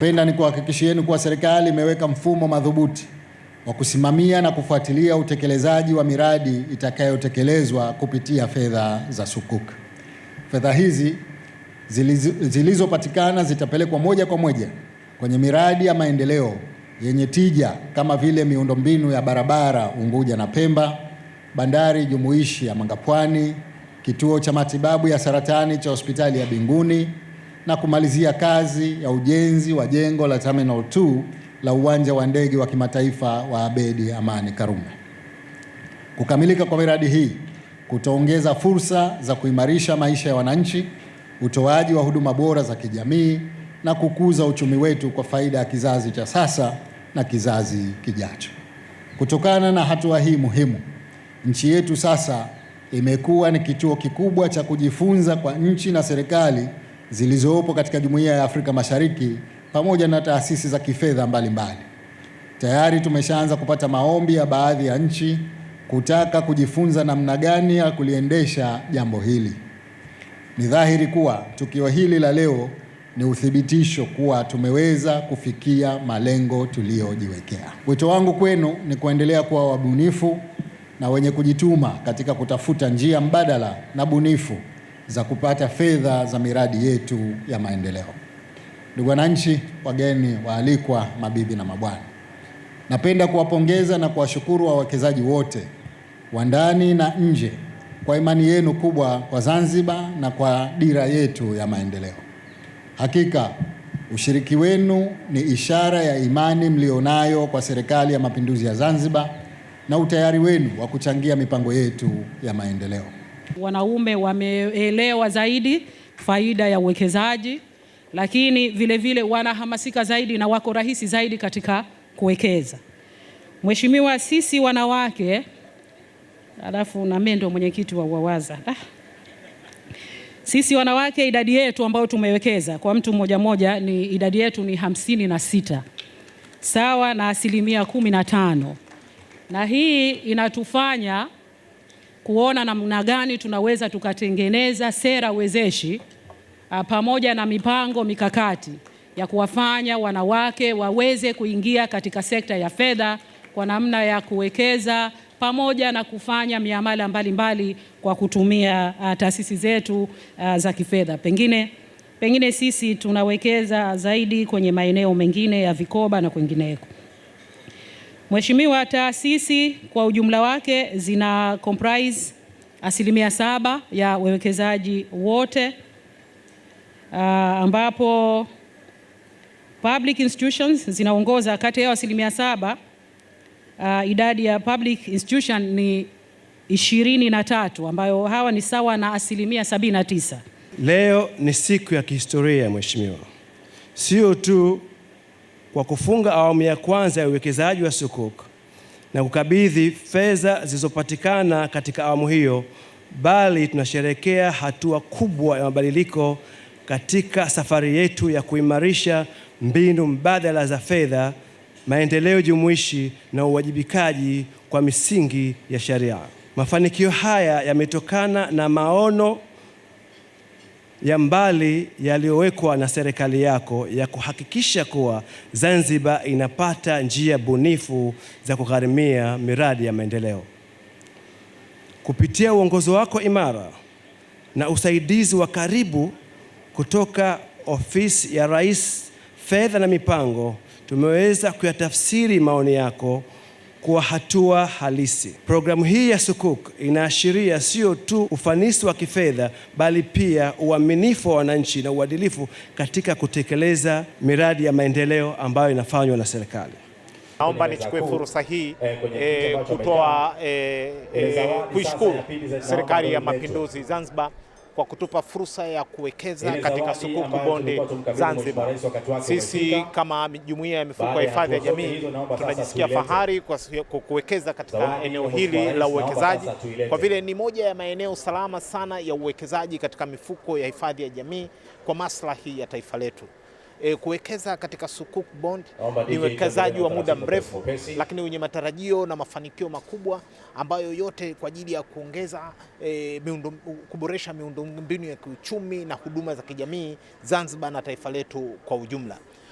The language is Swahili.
Penda kuhakikishieni kuwa serikali imeweka mfumo madhubuti wa kusimamia na kufuatilia utekelezaji wa miradi itakayotekelezwa kupitia fedha za sukuk Fedha hizi zilizopatikana zitapelekwa moja kwa moja kwenye miradi ya maendeleo yenye tija kama vile miundombinu ya barabara Unguja na Pemba, bandari jumuishi ya Mangapwani, kituo cha matibabu ya saratani cha hospitali ya Binguni na kumalizia kazi ya ujenzi wa jengo la Terminal 2 la uwanja wa ndege wa kimataifa wa abedi Amani Karume. Kukamilika kwa miradi hii kutaongeza fursa za kuimarisha maisha ya wananchi, utoaji wa huduma bora za kijamii na kukuza uchumi wetu kwa faida ya kizazi cha sasa na kizazi kijacho. Kutokana na hatua hii muhimu, nchi yetu sasa imekuwa ni kituo kikubwa cha kujifunza kwa nchi na serikali zilizopo katika Jumuiya ya Afrika Mashariki pamoja na taasisi za kifedha mbalimbali. Tayari tumeshaanza kupata maombi ya baadhi ya nchi kutaka kujifunza namna gani ya kuliendesha jambo hili. Ni dhahiri kuwa tukio hili la leo ni uthibitisho kuwa tumeweza kufikia malengo tuliyojiwekea. Wito wangu kwenu ni kuendelea kuwa wabunifu na wenye kujituma katika kutafuta njia mbadala na bunifu za kupata fedha za miradi yetu ya maendeleo. Ndugu wananchi, wageni waalikwa, mabibi na mabwana, napenda kuwapongeza na kuwashukuru wawekezaji wote wa ndani na nje kwa imani yenu kubwa kwa Zanzibar na kwa dira yetu ya maendeleo. Hakika ushiriki wenu ni ishara ya imani mlionayo kwa Serikali ya Mapinduzi ya Zanzibar na utayari wenu wa kuchangia mipango yetu ya maendeleo. Wanaume wameelewa zaidi faida ya uwekezaji, lakini vilevile vile wanahamasika zaidi na wako rahisi zaidi katika kuwekeza. Mheshimiwa, sisi wanawake, alafu na mimi ndio mwenyekiti wa UWAWAZA ah. sisi wanawake idadi yetu ambayo tumewekeza kwa mtu mmoja mmoja ni idadi yetu ni hamsini na sita sawa na asilimia kumi na tano na hii inatufanya kuona namna gani tunaweza tukatengeneza sera wezeshi uh, pamoja na mipango mikakati ya kuwafanya wanawake waweze kuingia katika sekta ya fedha kwa namna ya kuwekeza pamoja na kufanya miamala mbalimbali mbali kwa kutumia uh, taasisi zetu uh, za kifedha. Pengine pengine sisi tunawekeza zaidi kwenye maeneo mengine ya vikoba na kwingineko. Mheshimiwa, taasisi kwa ujumla wake zina comprise asilimia saba ya wawekezaji wote uh, ambapo public institutions zinaongoza kati ya asilimia saba. Uh, idadi ya public institution ni ishirini na tatu ambayo hawa ni sawa na asilimia sabini na tisa. Leo ni siku ya kihistoria Mheshimiwa, sio tu kwa kufunga awamu ya kwanza ya uwekezaji wa sukuk na kukabidhi fedha zilizopatikana katika awamu hiyo, bali tunasherekea hatua kubwa ya mabadiliko katika safari yetu ya kuimarisha mbinu mbadala za fedha, maendeleo jumuishi na uwajibikaji kwa misingi ya sharia. Mafanikio haya yametokana na maono ya mbali yaliyowekwa na serikali yako ya kuhakikisha kuwa Zanzibar inapata njia bunifu za kugharimia miradi ya maendeleo. Kupitia uongozi wako imara na usaidizi wa karibu kutoka Ofisi ya Rais Fedha na Mipango, tumeweza kuyatafsiri maoni yako kwa hatua halisi. Programu hii ya sukuk inaashiria sio tu ufanisi wa kifedha, bali pia uaminifu wa wananchi na uadilifu katika kutekeleza miradi ya maendeleo ambayo inafanywa na serikali. Naomba nichukue fursa hii eh, eh kutoa eh, eh, eh, kuishukuru Serikali ya Mapinduzi Zanzibar kwa kutupa fursa ya kuwekeza katika Sukuku Bonde Zanzibar. Sisi kama jumuiya ya mifuko ya hifadhi ya jamii tunajisikia fahari kwa kuwekeza katika eneo hili la uwekezaji, kwa vile ni moja ya maeneo salama sana ya uwekezaji katika mifuko ya hifadhi ya jamii kwa maslahi ya taifa letu e, kuwekeza katika sukuk bond ni uwekezaji wa muda mrefu, lakini wenye matarajio na mafanikio makubwa ambayo yote kwa ajili ya kuongeza e, miundo, kuboresha miundombinu ya kiuchumi na huduma za kijamii Zanzibar na taifa letu kwa ujumla.